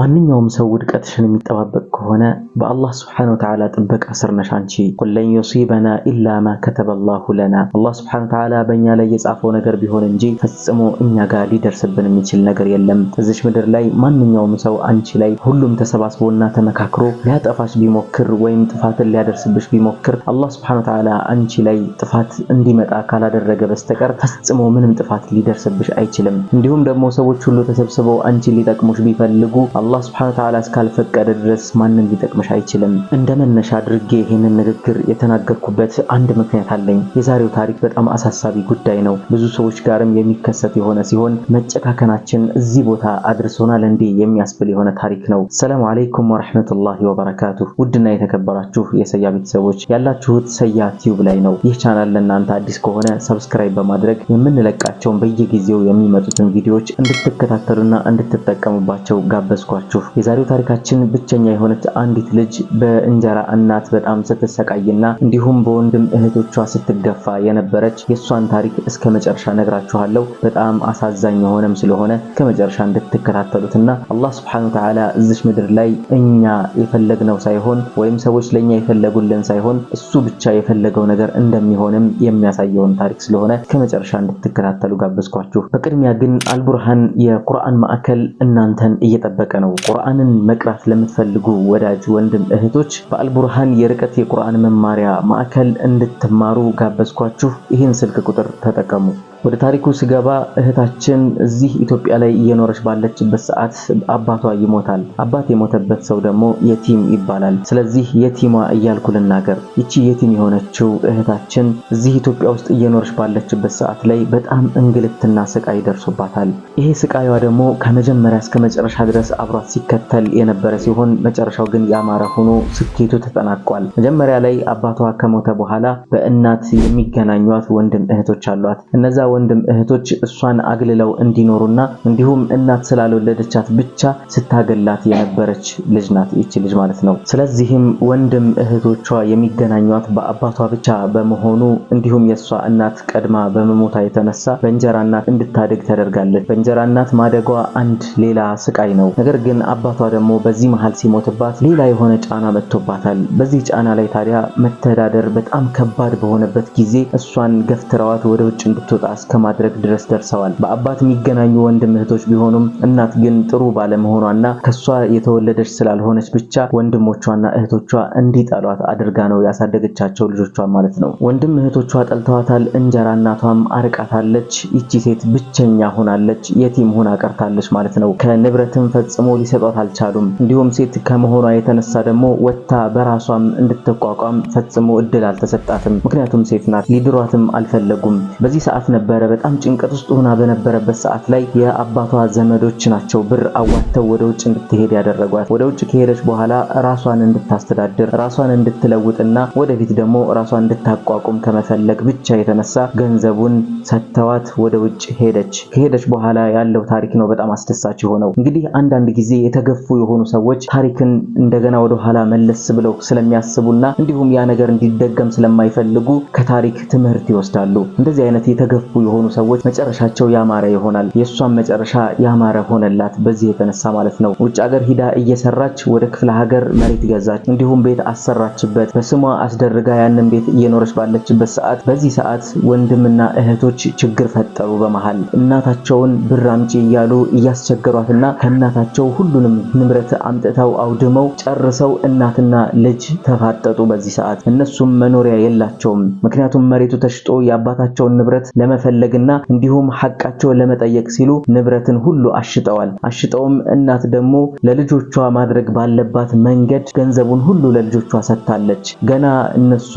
ማንኛውም ሰው ውድቀትሽን የሚጠባበቅ ከሆነ በአላህ ስብሐነሁ ወተዓላ ጥበቃ ስር ነሽ አንቺ። ቁል ለን ዩሲበና ኢላ ማ ከተበላሁ ለና። አላህ ስብሐነሁ ወተዓላ በእኛ ላይ የጻፈው ነገር ቢሆን እንጂ ፈጽሞ እኛ ጋር ሊደርስብን የሚችል ነገር የለም። እዚች ምድር ላይ ማንኛውም ሰው አንቺ ላይ ሁሉም ተሰባስቦና ተመካክሮ ሊያጠፋሽ ቢሞክር ወይም ጥፋትን ሊያደርስብሽ ቢሞክር አላህ ስብሐነሁ ወተዓላ አንቺ ላይ ጥፋት እንዲመጣ ካላደረገ በስተቀር ፈጽሞ ምንም ጥፋት ሊደርስብሽ አይችልም። እንዲሁም ደግሞ ሰዎች ሁሉ ተሰብስበው አንቺን ሊጠቅሙሽ ቢፈልጉ አላህ ሱብሐነሁ ወተዓላ እስካልፈቀደ ድረስ ማንም ሊጠቅምሽ አይችልም። እንደ መነሻ አድርጌ ይህንን ንግግር የተናገርኩበት አንድ ምክንያት አለኝ። የዛሬው ታሪክ በጣም አሳሳቢ ጉዳይ ነው፣ ብዙ ሰዎች ጋርም የሚከሰት የሆነ ሲሆን መጨካከናችን እዚህ ቦታ አድርሶናል እንዴ የሚያስብል የሆነ ታሪክ ነው። ሰላም አለይኩም ወራህመቱላሂ ወበረካቱ ውድና የተከበራችሁ የሰያ ቤተሰቦች ያላችሁት ሰያ ቲዩብ ላይ ነው። ይህ ቻናል ለእናንተ አዲስ ከሆነ ሰብስክራይብ በማድረግ የምንለቃቸውን በየጊዜው የሚመጡትን ቪዲዮዎች እንድትከታተሉና እንድትጠቀሙባቸው ጋበዝኩ። ያስኳችሁ። የዛሬው ታሪካችን ብቸኛ የሆነች አንዲት ልጅ በእንጀራ እናት በጣም ስትሰቃይና እንዲሁም በወንድም እህቶቿ ስትገፋ የነበረች የእሷን ታሪክ እስከ መጨረሻ ነግራችኋለሁ። በጣም አሳዛኝ የሆነም ስለሆነ እስከ መጨረሻ እንድትከታተሉትና አላህ ስብሐነሁ ወተዓላ እዚች ምድር ላይ እኛ የፈለግነው ሳይሆን ወይም ሰዎች ለእኛ የፈለጉልን ሳይሆን እሱ ብቻ የፈለገው ነገር እንደሚሆንም የሚያሳየውን ታሪክ ስለሆነ ከመጨረሻ እንድትከታተሉ ጋበዝኳችሁ። በቅድሚያ ግን አልቡርሃን የቁርአን ማዕከል እናንተን እየጠበቀ ነው። ቁርአንን መቅራት ለምትፈልጉ ወዳጅ ወንድም እህቶች በአልቡርሃን የርቀት የቁርአን መማሪያ ማዕከል እንድትማሩ ጋበዝኳችሁ። ይህን ስልክ ቁጥር ተጠቀሙ። ወደ ታሪኩ ስገባ እህታችን እዚህ ኢትዮጵያ ላይ እየኖረች ባለችበት ሰዓት አባቷ ይሞታል። አባት የሞተበት ሰው ደግሞ የቲም ይባላል። ስለዚህ የቲሟ እያልኩ ልናገር። ይቺ የቲም የሆነችው እህታችን እዚህ ኢትዮጵያ ውስጥ እየኖረች ባለችበት ሰዓት ላይ በጣም እንግልትና ስቃይ ይደርሱባታል። ይሄ ስቃይዋ ደግሞ ከመጀመሪያ እስከ መጨረሻ ድረስ አብሯት ሲከተል የነበረ ሲሆን መጨረሻው ግን ያማረ ሆኖ ስኬቱ ተጠናቋል። መጀመሪያ ላይ አባቷ ከሞተ በኋላ በእናት የሚገናኟት ወንድም እህቶች አሏት። እነዛ ወንድም እህቶች እሷን አግልለው እንዲኖሩና እንዲሁም እናት ስላልወለደቻት ብቻ ስታገላት የነበረች ልጅ ናት ይች ልጅ ማለት ነው። ስለዚህም ወንድም እህቶቿ የሚገናኟት በአባቷ ብቻ በመሆኑ እንዲሁም የእሷ እናት ቀድማ በመሞታ የተነሳ በእንጀራ እናት እንድታደግ ተደርጋለች። በእንጀራ እናት ማደጓ አንድ ሌላ ስቃይ ነው። ነገር ግን አባቷ ደግሞ በዚህ መሀል ሲሞትባት ሌላ የሆነ ጫና መጥቶባታል። በዚህ ጫና ላይ ታዲያ መተዳደር በጣም ከባድ በሆነበት ጊዜ እሷን ገፍትረዋት ወደ ውጭ እንድትወጣ እስከ ማድረግ ድረስ ደርሰዋል። በአባት የሚገናኙ ወንድም እህቶች ቢሆኑም እናት ግን ጥሩ ባለመሆኗና ከሷ የተወለደች ስላልሆነች ብቻ ወንድሞቿና እህቶቿ እንዲጠሏት አድርጋ ነው ያሳደገቻቸው ልጆቿ ማለት ነው። ወንድም እህቶቿ ጠልተዋታል። እንጀራ እናቷም አርቃታለች። ይቺ ሴት ብቸኛ ሆናለች፣ የቲም ሆና ቀርታለች ማለት ነው። ከንብረትም ፈጽሞ ሊሰጧት አልቻሉም። እንዲሁም ሴት ከመሆኗ የተነሳ ደግሞ ወጥታ በራሷም እንድትቋቋም ፈጽሞ እድል አልተሰጣትም። ምክንያቱም ሴት ናት። ሊድሯትም አልፈለጉም። በዚህ ሰዓት ነበር ነበረ። በጣም ጭንቀት ውስጥ ሆና በነበረበት ሰዓት ላይ የአባቷ ዘመዶች ናቸው ብር አዋተው ወደ ውጭ እንድትሄድ ያደረጓት። ወደ ውጭ ከሄደች በኋላ ራሷን እንድታስተዳድር ራሷን እንድትለውጥና ወደፊት ደግሞ ራሷን እንድታቋቁም ከመፈለግ ብቻ የተነሳ ገንዘቡን ሰጥተዋት ወደ ውጭ ሄደች። ከሄደች በኋላ ያለው ታሪክ ነው በጣም አስደሳች የሆነው። እንግዲህ አንዳንድ ጊዜ የተገፉ የሆኑ ሰዎች ታሪክን እንደገና ወደ ኋላ መለስ ብለው ስለሚያስቡና እንዲሁም ያ ነገር እንዲደገም ስለማይፈልጉ ከታሪክ ትምህርት ይወስዳሉ። እንደዚህ አይነት የተገፉ የሆኑ ሰዎች መጨረሻቸው ያማረ ይሆናል። የእሷን መጨረሻ ያማረ ሆነላት በዚህ የተነሳ ማለት ነው። ውጭ ሀገር ሂዳ እየሰራች ወደ ክፍለ ሀገር መሬት ገዛች፣ እንዲሁም ቤት አሰራችበት በስሟ አስደርጋ ያንን ቤት እየኖረች ባለችበት ሰዓት በዚህ ሰዓት ወንድምና እህቶች ችግር ፈጠሩ። በመሃል እናታቸውን ብር አምጪ እያሉ እያስቸገሯትና ከእናታቸው ሁሉንም ንብረት አምጥተው አውድመው ጨርሰው እናትና ልጅ ተፋጠጡ። በዚህ ሰዓት እነሱም መኖሪያ የላቸውም። ምክንያቱም መሬቱ ተሽጦ የአባታቸውን ንብረት ለመ ለመፈለግና እንዲሁም ሐቃቸውን ለመጠየቅ ሲሉ ንብረትን ሁሉ አሽጠዋል። አሽጠውም እናት ደግሞ ለልጆቿ ማድረግ ባለባት መንገድ ገንዘቡን ሁሉ ለልጆቿ ሰጥታለች። ገና እነሱ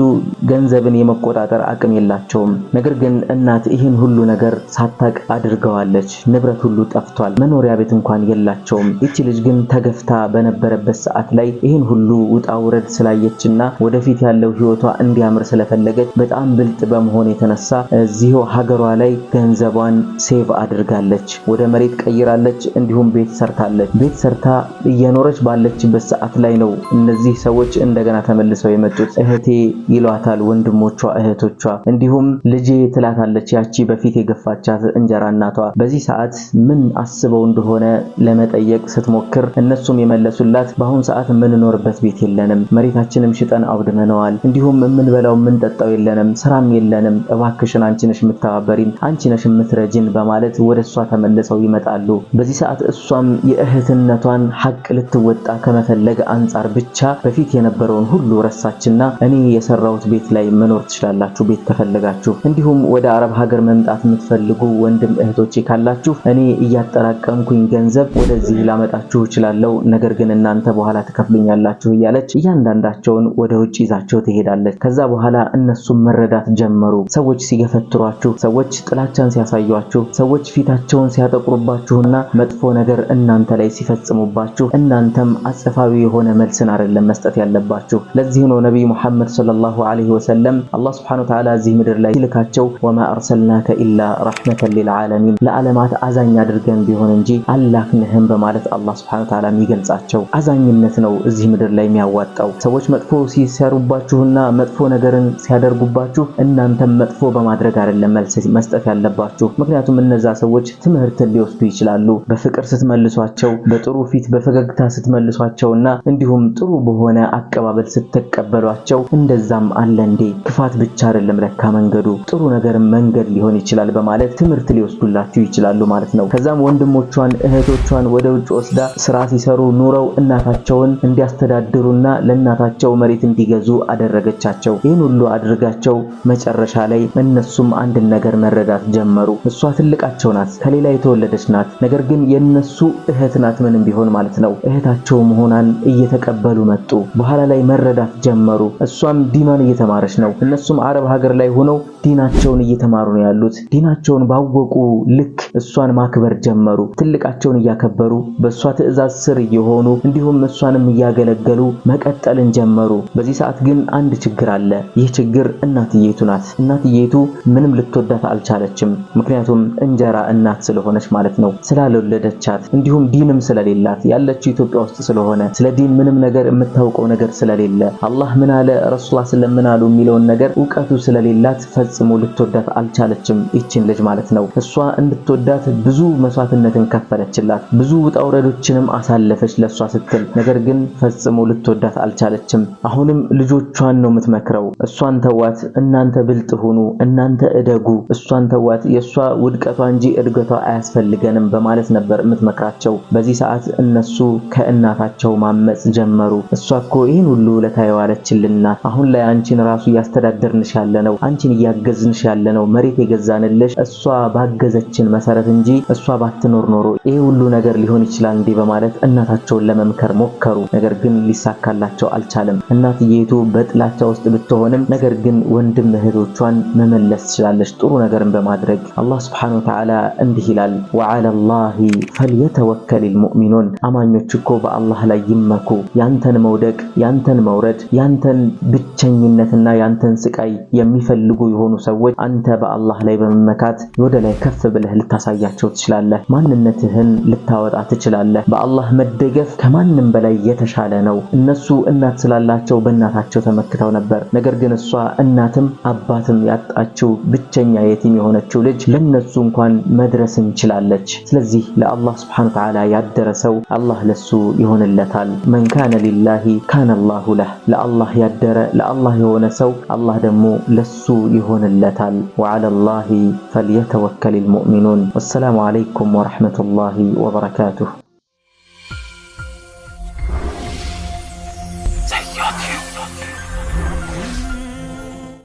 ገንዘብን የመቆጣጠር አቅም የላቸውም። ነገር ግን እናት ይህን ሁሉ ነገር ሳታቅ አድርገዋለች። ንብረት ሁሉ ጠፍቷል። መኖሪያ ቤት እንኳን የላቸውም። ይቺ ልጅ ግን ተገፍታ በነበረበት ሰዓት ላይ ይህን ሁሉ ውጣ ውረድ ስላየችና ወደፊት ያለው ህይወቷ እንዲያምር ስለፈለገች በጣም ብልጥ በመሆን የተነሳ እዚሁ ሀገር ሀገሯ ላይ ገንዘቧን ሴቭ አድርጋለች፣ ወደ መሬት ቀይራለች፣ እንዲሁም ቤት ሰርታለች። ቤት ሰርታ እየኖረች ባለችበት ሰዓት ላይ ነው እነዚህ ሰዎች እንደገና ተመልሰው የመጡት። እህቴ ይሏታል ወንድሞቿ፣ እህቶቿ፣ እንዲሁም ልጄ ትላታለች ያቺ በፊት የገፋቻት እንጀራ እናቷ። በዚህ ሰዓት ምን አስበው እንደሆነ ለመጠየቅ ስትሞክር እነሱም የመለሱላት በአሁን ሰዓት የምንኖርበት ቤት የለንም፣ መሬታችንም ሽጠን አውድመነዋል፣ እንዲሁም የምንበላው የምንጠጣው የለንም፣ ስራም የለንም፣ እባክሽን አንቺ ነሽ አትተባበሪም፣ አንቺ ነሽ የምትረጅን በማለት ወደ እሷ ተመልሰው ይመጣሉ። በዚህ ሰዓት እሷም የእህትነቷን ሀቅ ልትወጣ ከመፈለግ አንጻር ብቻ በፊት የነበረውን ሁሉ ረሳችና እኔ የሰራሁት ቤት ላይ መኖር ትችላላችሁ ቤት ከፈለጋችሁ፣ እንዲሁም ወደ አረብ ሀገር መምጣት የምትፈልጉ ወንድም እህቶቼ ካላችሁ እኔ እያጠራቀምኩኝ ገንዘብ ወደዚህ ላመጣችሁ እችላለሁ፣ ነገር ግን እናንተ በኋላ ትከፍሉኛላችሁ እያለች እያንዳንዳቸውን ወደ ውጭ ይዛቸው ትሄዳለች። ከዛ በኋላ እነሱም መረዳት ጀመሩ። ሰዎች ሲገፈትሯችሁ ሰዎች ጥላቻን ሲያሳዩአችሁ፣ ሰዎች ፊታቸውን ሲያጠቁሩባችሁና መጥፎ ነገር እናንተ ላይ ሲፈጽሙባችሁ እናንተም አጸፋዊ የሆነ መልስን አይደለም መስጠት ያለባችሁ። ለዚህ ነው ነቢይ ሙሐመድ ሰለላሁ ዐለይሂ ወሰለም አላህ ሱብሓነሁ ወተዓላ እዚህ ምድር ላይ ሲልካቸው ወማ አርሰልናከ ኢላ ረሕመተን ሊልዓለሚን ለዓለማት አዛኝ አድርገን ቢሆን እንጂ አላክንህም በማለት አላህ ሱብሓነሁ ወተዓላ የሚገልጻቸው አዛኝነት ነው እዚህ ምድር ላይ የሚያዋጣው። ሰዎች መጥፎ ሲሰሩባችሁና መጥፎ ነገርን ሲያደርጉባችሁ እናንተም መጥፎ በማድረግ አይደለም መልስ መስጠት ያለባችሁ። ምክንያቱም እነዛ ሰዎች ትምህርትን ሊወስዱ ይችላሉ። በፍቅር ስትመልሷቸው፣ በጥሩ ፊት በፈገግታ ስትመልሷቸውና እንዲሁም ጥሩ በሆነ አቀባበል ስትቀበሏቸው እንደዛም አለ እንዴ ክፋት ብቻ አይደለም ለካ መንገዱ ጥሩ ነገር መንገድ ሊሆን ይችላል በማለት ትምህርት ሊወስዱላችሁ ይችላሉ ማለት ነው። ከዛም ወንድሞቿን እህቶቿን ወደ ውጭ ወስዳ ስራ ሲሰሩ ኑረው እናታቸውን እንዲያስተዳድሩና ለእናታቸው መሬት እንዲገዙ አደረገቻቸው። ይህን ሁሉ አድርጋቸው መጨረሻ ላይ እነሱም አንድን ነገር ነገር መረዳት ጀመሩ። እሷ ትልቃቸው ናት፣ ከሌላ የተወለደች ናት። ነገር ግን የነሱ እህት ናት፣ ምንም ቢሆን ማለት ነው። እህታቸው መሆኗን እየተቀበሉ መጡ። በኋላ ላይ መረዳት ጀመሩ። እሷም ዲኗን እየተማረች ነው፣ እነሱም አረብ ሀገር ላይ ሆነው ዲናቸውን እየተማሩ ነው ያሉት። ዲናቸውን ባወቁ ልክ እሷን ማክበር ጀመሩ። ትልቃቸውን እያከበሩ በእሷ ትዕዛዝ ስር እየሆኑ እንዲሁም እሷንም እያገለገሉ መቀጠልን ጀመሩ። በዚህ ሰዓት ግን አንድ ችግር አለ። ይህ ችግር እናትየቱ ናት። እናትየቱ ምንም ልትወዳት አልቻለችም። ምክንያቱም እንጀራ እናት ስለሆነች ማለት ነው፣ ስላልወለደቻት እንዲሁም ዲንም ስለሌላት ያለችው ኢትዮጵያ ውስጥ ስለሆነ ስለ ዲን ምንም ነገር የምታውቀው ነገር ስለሌለ አላህ ምን አለ ረሱላ ስለምን አሉ የሚለውን ነገር እውቀቱ ስለሌላት ፈጽሞ ልትወዳት አልቻለችም። ይችን ልጅ ማለት ነው። እሷ እንድትወዳት ብዙ መስዋዕትነትን ከፈለችላት፣ ብዙ ውጣ ውረዶችንም አሳለፈች ለእሷ ስትል። ነገር ግን ፈጽሞ ልትወዳት አልቻለችም። አሁንም ልጆቿን ነው የምትመክረው። እሷን ተዋት፣ እናንተ ብልጥ ሁኑ፣ እናንተ እደጉ እሷን ተዋት፣ የእሷ ውድቀቷ እንጂ እድገቷ አያስፈልገንም በማለት ነበር የምትመክራቸው። በዚህ ሰዓት እነሱ ከእናታቸው ማመፅ ጀመሩ። እሷ እኮ ይህን ሁሉ ውለታ የዋለችልና አሁን ላይ አንቺን ራሱ እያስተዳደርንሽ ያለ ነው፣ አንቺን እያገዝንሽ ያለ ነው፣ መሬት የገዛንልሽ እሷ ባገዘችን መሰረት እንጂ እሷ ባትኖር ኖሮ ይሄ ሁሉ ነገር ሊሆን ይችላል እንዲህ በማለት እናታቸውን ለመምከር ሞከሩ። ነገር ግን ሊሳካላቸው አልቻለም። እናትየቱ በጥላቻ ውስጥ ብትሆንም ነገር ግን ወንድም እህቶቿን መመለስ ትችላለች ጥሩ ነገርን በማድረግ አላህ ስብሐነሁ ወተዓላ እንዲህ ይላል፣ ወዓለላሂ ፈልየተወከሊል ሙእሚኑን። አማኞች እኮ በአላህ ላይ ይመኩ። ያንተን መውደቅ፣ ያንተን መውረድ፣ ያንተን ብቸኝነትና ያንተን ስቃይ የሚፈልጉ የሆኑ ሰዎች አንተ በአላህ ላይ በመመካት ወደ ላይ ከፍ ብለህ ልታሳያቸው ትችላለህ። ማንነትህን ልታወጣ ትችላለህ። በአላህ መደገፍ ከማንም በላይ የተሻለ ነው። እነሱ እናት ስላላቸው በእናታቸው ተመክተው ነበር። ነገር ግን እሷ እናትም አባትም ያጣችው ብቸኛ የቲም የሆነችው ልጅ ለነሱ እንኳን መድረስ እንችላለች። ስለዚህ ለአላህ ስብሐነ ወተዓላ ሰው አላህ ለሱ ይሆንለታል። መን ካነ ሊላሂ ካነ አላሁ ለህ። ለአላህ ያደረ ለአላህ የሆነ ሰው አላህ ደግሞ ለሱ ይሆንለታል። ወዓለላሂ ፈልየተወከል ልሙእሚኑን። ወሰላሙ ዓለይኩም ወረሕመቱላሂ ወበረካቱሁ።